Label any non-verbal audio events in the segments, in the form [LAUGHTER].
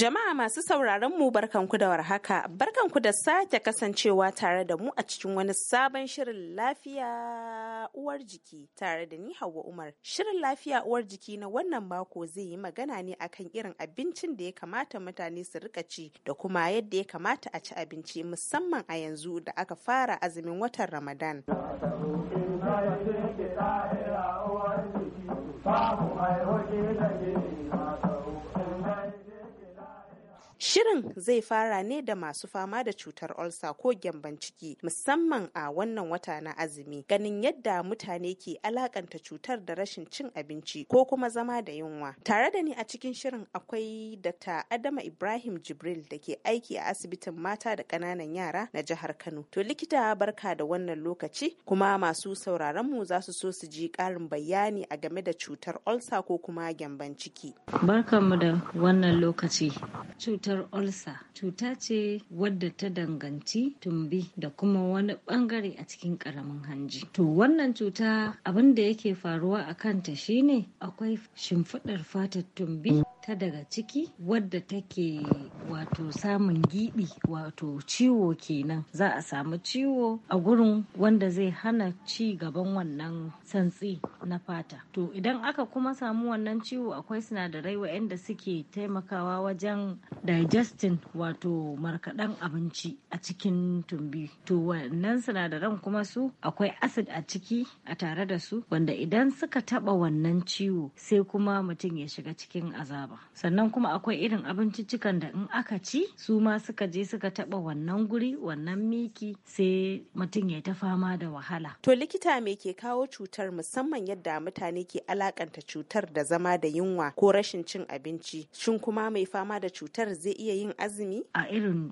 Jama'a masu sauraron mu barkanku da warhaka, barkanku da sake kasancewa tare da mu a cikin wani sabon shirin lafiya uwar jiki tare da ni Hauwa Umar. Shirin lafiya uwar jiki na wannan mako zai yi magana ne akan irin abincin da ya kamata mutane su rika ci da kuma yadda ya kamata a ci abinci musamman a yanzu da aka fara azumin watan Ramadan. Shirin zai fara ne da masu fama da cutar olsa ko gyamban ciki musamman a wannan wata na azumi ganin yadda mutane ke alakanta cutar da rashin cin abinci ko kuma zama da yunwa. Tare da ni a cikin shirin akwai Dr. Adama Ibrahim Jibril da ke aiki a asibitin mata da ƙananan yara na jihar Kano. To likita barka da wannan lokaci kuma masu sauraron mu za su so su ji ƙarin bayani a game da cutar olsa ko kuma gyamban ciki. Barkanmu da wannan lokaci. cutar olsa cuta ce wadda ta danganci tumbi da kuma wani bangare a cikin karamin hanji to wannan cuta abin da yake faruwa a kanta shine akwai shimfiɗar fatar tumbi ta daga ciki wadda take wato samun giɓi wato ciwo kenan za a samu ciwo a gurin wanda zai hana ci gaban wannan santsi na fata to idan aka kuma samu wannan ciwo akwai sinadarai waɗanda suke taimakawa wajen digesting wato markaɗen abinci a cikin tumbi to wannan sinadaran kuma su akwai acid a ciki a tare da su wanda idan suka taɓa wannan ciwo sai kuma mutum ya shiga cikin azaba ba sannan kuma akwai irin abinciccikan da in aka ci su ma suka je suka taba wannan guri wannan miki sai mutum ya ta fama da wahala to likita me ke kawo cutar musamman yadda mutane ke alakanta cutar da zama da yunwa ko rashin cin abinci shin kuma mai fama da cutar zai iya yin azumi a irin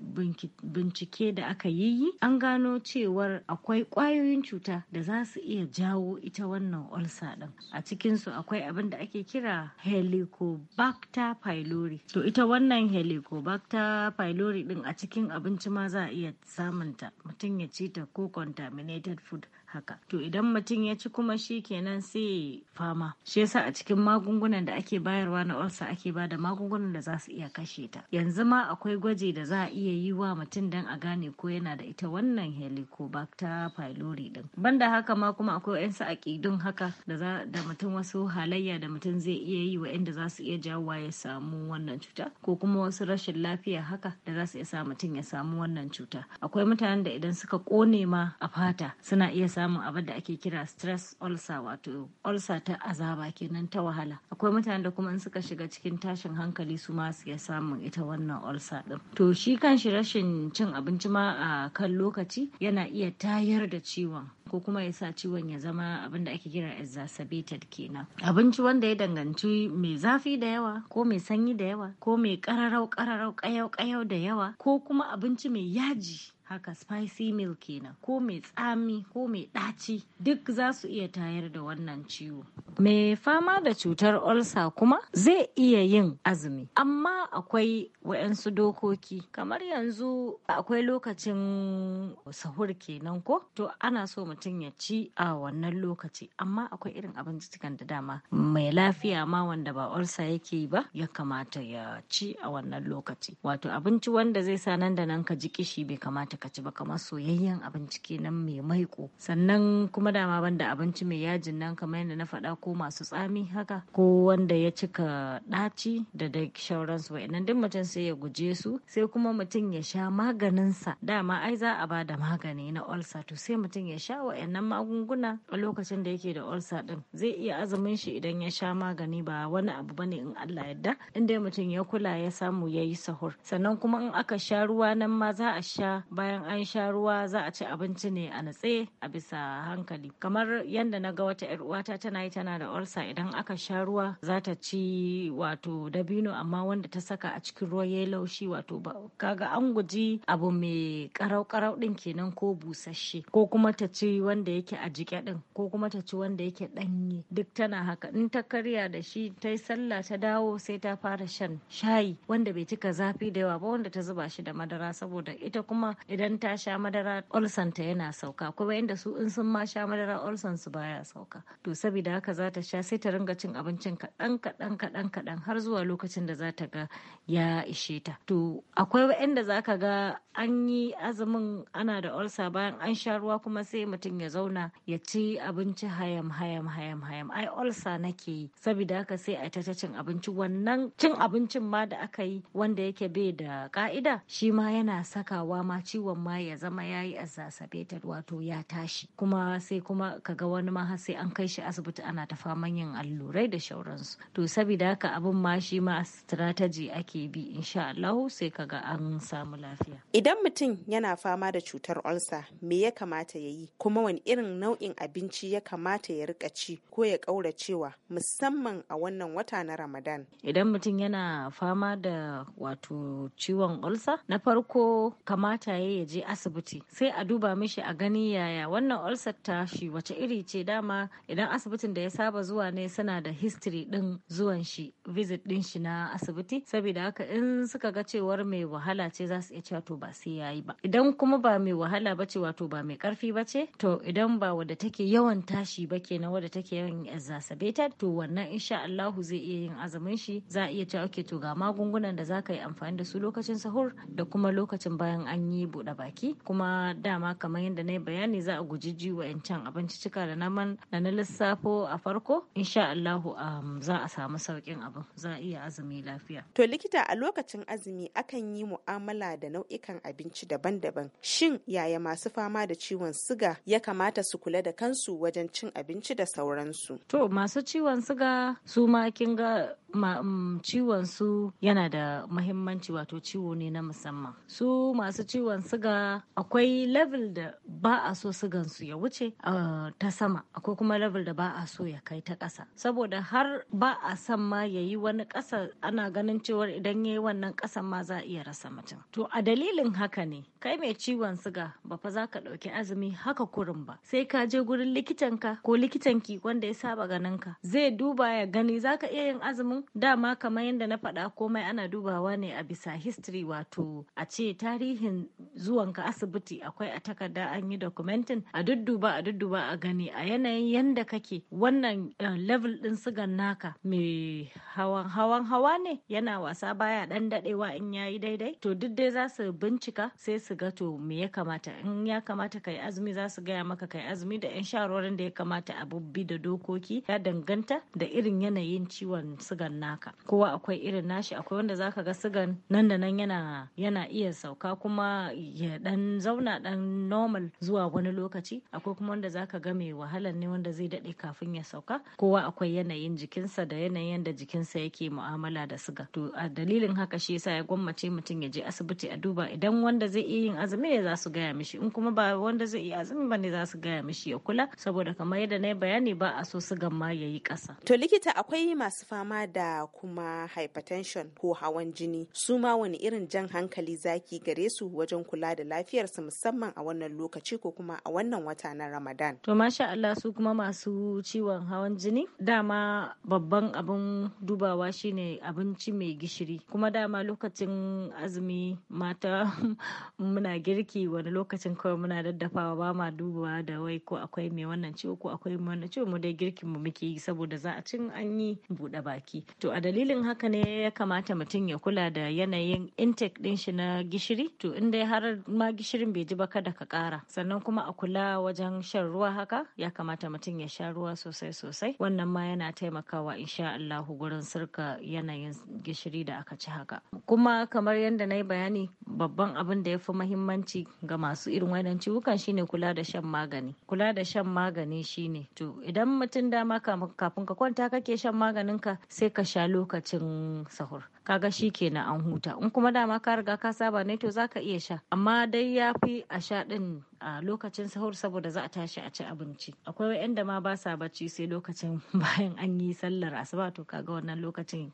bincike da aka yi yi, an gano cewar akwai kwayoyin cuta da za su iya jawo ita wannan olsa din a cikin su akwai abin da ake kira helicobacter helicobacter pylori to ita wannan helicobacter pylori din a cikin abinci ma za a iya samunta mutum ya ci ta ko contaminated food haka to idan mutum ya ci kuma shi kenan sai fama shi yasa a cikin magungunan da ake bayarwa na olsa ake bada magungunan da za su iya kashe ta yanzu ma akwai gwaji da za a iya yi wa mutum dan a gane ko yana da ita wannan helicobacter pylori din banda haka ma kuma akwai wayansu aƙidun haka da da mutum wasu halayya da mutum zai iya yi wa'anda za su iya jawowa ya samu wannan cuta ko kuma wasu rashin lafiya haka da za su iya sa mutum ya samu wannan cuta akwai mutanen da idan suka kone ma a fata suna iya samun abin da ake kira stress ulcer wato ulcer ta azaba kenan ta wahala akwai mutanen da kuma in suka shiga cikin tashin hankali su ma su samun ita wannan ulcer din to shi kan shi rashin cin abinci ma a kan lokaci yana iya tayar da ciwon ko kuma ya sa ciwon ya zama abin da ake kira exacerbated kenan abinci wanda ya danganci mai zafi da yawa ko mai sanyi da yawa ko mai kararau kararau kayau kayau da yawa ko kuma abinci mai yaji haka spicy milk kenan ko mai tsami ko mai ɗaci duk za su iya tayar da wannan ciwo mai fama da cutar olsa kuma zai iya yin azumi amma akwai waɗansu dokoki kamar yanzu akwai lokacin sahur kenan ko to ana so mutum ya ci a wannan lokaci amma akwai irin cikin da dama mai lafiya ma wanda ba olsa yake ba ya kamata ya ci a wannan lokaci wato abinci wanda zai sa nan da nan ka ji kishi bai kamata ka ci ba kamar soyayyen abinci kenan mai maiko sannan kuma dama banda abinci mai yajin nan kamar yadda na faɗa ko masu tsami haka ko wanda ya cika ɗaci da da shauransu wa'annan duk mutum sai ya guje su sai kuma mutum ya sha maganinsa dama ai za a bada magani na ulcer to sai mutum ya sha wa'annan magunguna a lokacin da yake da ulcer din zai iya azumin shi idan ya sha magani ba wani abu bane in Allah yadda inda mutum ya kula ya samu ya yi sahur sannan kuma in aka sha ruwa nan ma za a sha bayan bayan an sha ruwa za a ci abinci ne a natse a bisa hankali kamar yadda na ga wata yar uwata tana yi tana da olsa idan aka sha ruwa za ta ci wato dabino amma wanda ta saka a cikin ruwa ya laushi wato kaga an guji abu mai karau karau din kenan ko busasshe ko kuma ta ci wanda yake a jike din ko kuma ta ci wanda yake danye duk tana haka in ta karya da shi ta yi sallah ta dawo sai ta fara shan shayi wanda bai cika zafi da yawa ba wanda ta zuba shi da madara saboda ita kuma idan ta sha madara olson ta yana sauka kuma inda su in sun ma sha madara olson su baya sauka to saboda haka za ta sha sai ta ringa cin abincin kaɗan kaɗan kaɗan kaɗan har zuwa lokacin da za ta ga ya ishe ta to akwai inda za ka ga an yi azumin ana da olsa bayan an sha ruwa kuma sai mutum ya zauna ya ci abinci hayam hayam hayam hayam ai olsa nake yi saboda haka sai a ta cin abinci wannan cin abincin ma da aka yi wanda yake bai da ka'ida shi ma yana sakawa ma ciwon ciwon ma ya zama ya yi exacerbated wato ya tashi kuma sai kuma kaga wani ma sai an kai shi asibiti ana ta faman yin allurai da shauransu to saboda haka abin ma shi ma strategy ake bi insha Allah sai kaga an samu lafiya idan mutum yana fama da cutar olsa me ya kamata ya yi kuma wani irin nau'in abinci ya kamata ya rika ci ko ya kauracewa musamman a wannan wata na ramadan idan mutum yana fama da wato ciwon olsa na farko kamata ya ya je asibiti sai a duba mishi a gani yaya wannan ulcer ta shi wace iri ce dama idan asibitin da ya saba zuwa ne suna da history din zuwan shi visit din shi na asibiti saboda haka in suka ga cewar mai wahala ce za su iya cewa to ba sai yayi ba idan kuma ba mai wahala ba ce wato ba mai karfi ba ce to idan ba wadda take yawan tashi ba kenan wadda take yawan exacerbated to wannan insha Allahu zai iya yin azumin shi za a iya cewa ke to ga magungunan da za ka yi amfani da su lokacin sahur da kuma lokacin bayan an yi buɗe baki kuma dama kamar yadda na yi bayani za a guji ji wa'ancan cika da naman da na lissafo a farko insha Allahu um, za a samu saukin abin za a iya azumi lafiya. To likita a lokacin azumi akan yi mu'amala da nau'ikan abinci daban-daban shin yaya masu fama da ciwon siga ya kamata su kula da kansu wajen cin abinci da sauransu. To masu ciwon siga su ma kin ga Mm, ciwon su yana da mahimmanci wato ciwo ne na musamman su masu ciwon suga akwai level da ba a so sugan su ya wuce uh, ta sama akwai kuma level da ba a so ya kai ta ƙasa saboda har ba a san ma ya yi wani ƙasa ana ganin cewar idan ya yi wannan ƙasan ma za a iya rasa mutum to a dalilin haka ne kai mai ciwon suga ba fa za ka ɗauki azumi haka kurin ba sai ka je gurin likitanka ko likitanki wanda ya saba ganinka. zai duba ya gani za ka iya yin azumin dama kamar yadda na faɗa komai ana dubawa ne a bisa history wato a ce tarihin zuwanka asibiti akwai a takarda an yi documentin a dudduba a dudduba a gani a yanayin yadda kake wannan eh, level ɗin sigan naka mai hawan hawan hawa ne yana wasa baya ɗan daɗewa in yayi daidai to duk dai za su bincika sai su ga to me ya kamata in ya kamata kai azumi za su gaya maka kai azumi da 'yan shawarwarin da ya kamata a bubbi da dokoki ya danganta da irin yanayin ciwon sigan sigan naka kowa akwai irin nashi akwai wanda zaka ga sigan nan da nan yana yana iya sauka kuma ya dan zauna dan normal zuwa wani lokaci akwai kuma wanda zaka ga mai wahalan ne wanda zai dade kafin ya sauka kowa akwai yanayin jikinsa da yanayin da jikinsa yake mu'amala da siga to a dalilin haka shi yasa ya gwammace mutum ya je asibiti a duba idan wanda zai iya yin azumi ne za su gaya mishi in kuma ba wanda zai iya azumi ba ne za su gaya mishi ya kula saboda kamar yadda na yi bayani ba a so sigan ma ya yi ƙasa. to likita akwai masu fama da da kuma hypertension ko hawan jini su ma wani irin jan hankali zaki gare su wajen kula da lafiyarsu musamman a wannan lokaci ko kuma a wannan wata na Ramadan. To masha Allah su kuma masu ciwon hawan jini dama babban abin dubawa shine abinci mai gishiri kuma dama lokacin azumi mata [LAUGHS] muna girki wani lokacin kawai muna daddafawa ba ma dubawa da wai ko akwai mai wannan ciwo ko akwai mai wannan ciwo mu dai girkin mu muke yi saboda za a cin an yi buɗe baki To a dalilin haka ne ya kamata mutum ya kula da yanayin intake din shi na gishiri. To in dai har ma gishirin bai ji ba kada ka kara. Sannan kuma a kula wajen shan ruwa haka ya kamata mutum ya sha ruwa sosai sosai. Wannan ma yana taimakawa insha Allah, gurin sirka yanayin gishiri da aka ci haka. Kuma kamar yadda na yi bayani babban abin da ya fi mahimmanci ga masu irin wannan ciwukan shine kula da shan magani. Kula da shan magani shine to idan mutum dama kafin ka kwanta kake shan maganinka sai ka ka sha lokacin sahur kaga shi kenan an huta in kuma dama ka riga ka saba ne to zaka iya sha amma dai ya fi a sha din a lokacin sahur saboda za a tashi a ci abinci akwai da ma ba sa bacci sai lokacin [LAUGHS] bayan an yi sallar asuba to kaga wannan lokacin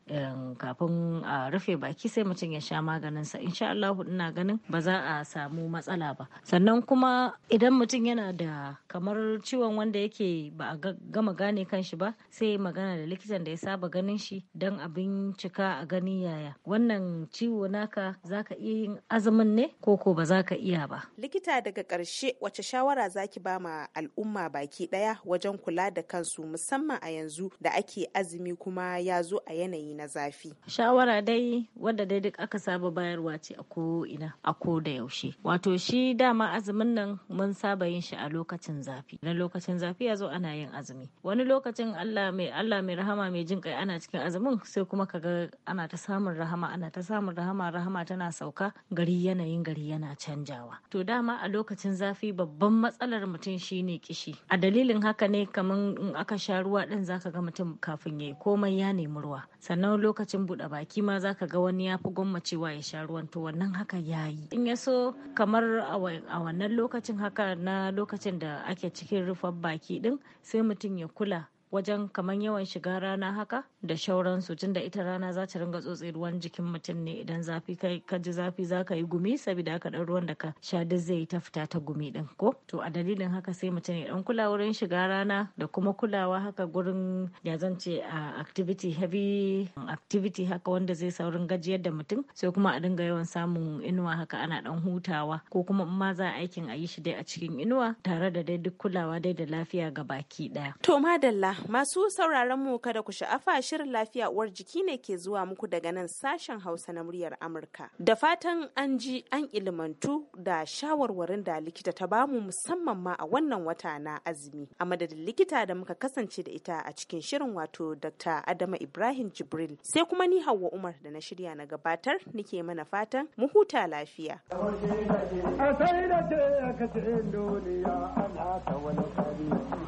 kafin a rufe baki sai mutum ya sha maganin sa insha Allah ina ganin ba za a samu matsala ba sannan kuma idan mutum yana da kamar ciwon wanda yake ba a gama gane kanshi ba sai magana da likitan da ya saba ganin shi don a bincika a gani yaya wannan ciwo naka zaka iya yin azumin ne ko ko ba za ka iya ba likita daga karshe wace shawara zaki ba ma al'umma baki ɗaya wajen kula da kansu musamman a yanzu da ake azumi kuma ya zo a yanayi na zafi shawara dai wadda dai duk aka saba bayarwa ce a ko ina a ko da yaushe wato shi dama azumin nan mun saba yin shi a lokacin zafi na lokacin zafi ya zo ana yin azumi wani lokacin Allah mai Allah mai rahama mai jin kai ana cikin azumin sai kuma kaga ana ta samun rahama ana ta samun rahama rahama tana sauka gari yanayin gari yana canjawa to dama a lokacin zafi babban matsalar mutum shine kishi a dalilin haka ne kaman in aka sha ruwa din zaka ga mutum kafin yayi komai ya nemi ruwa sannan lokacin buɗe baki ma zaka ga wani ya fi gwammacewa ya sha ruwan to wannan haka yayi in ya so kamar a wannan lokacin haka na lokacin da ake cikin rufar baki din sai mutum ya kula wajen kamar yawan shiga rana haka da shauransu tun da ita rana za ta ringa tsotse ruwan jikin mutum ne idan zafi ka ji zafi za ka yi gumi saboda haka dan ruwan da ka sha duk zai yi ta fita ta gumi ɗin ko to a dalilin haka sai mutum ya dan kula wurin shiga rana da kuma kulawa haka gurin ya zance a activity heavy activity haka wanda zai saurin gajiyar da mutum sai kuma a dinga yawan samun inuwa haka ana ɗan hutawa ko kuma in ma za aikin a yi shi dai a cikin inuwa tare da dai duk kulawa dai da lafiya ga baki ɗaya. to madalla masu sauraron mu kada ku sha'afa shi shirin lafiya uwar jiki ne ke zuwa muku daga nan sashen Hausa na muryar Amurka. Da fatan an ji an ilimantu da shawarwarin da likita ta bamu musamman ma a wannan wata na azumi. A madadin likita da muka kasance da ita a cikin shirin wato Dr. Adama Ibrahim Jibril. Sai kuma ni Hauwa Umar da na shirya na gabatar nike mana fatan mu huta lafiya.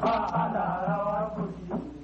ba ana rawa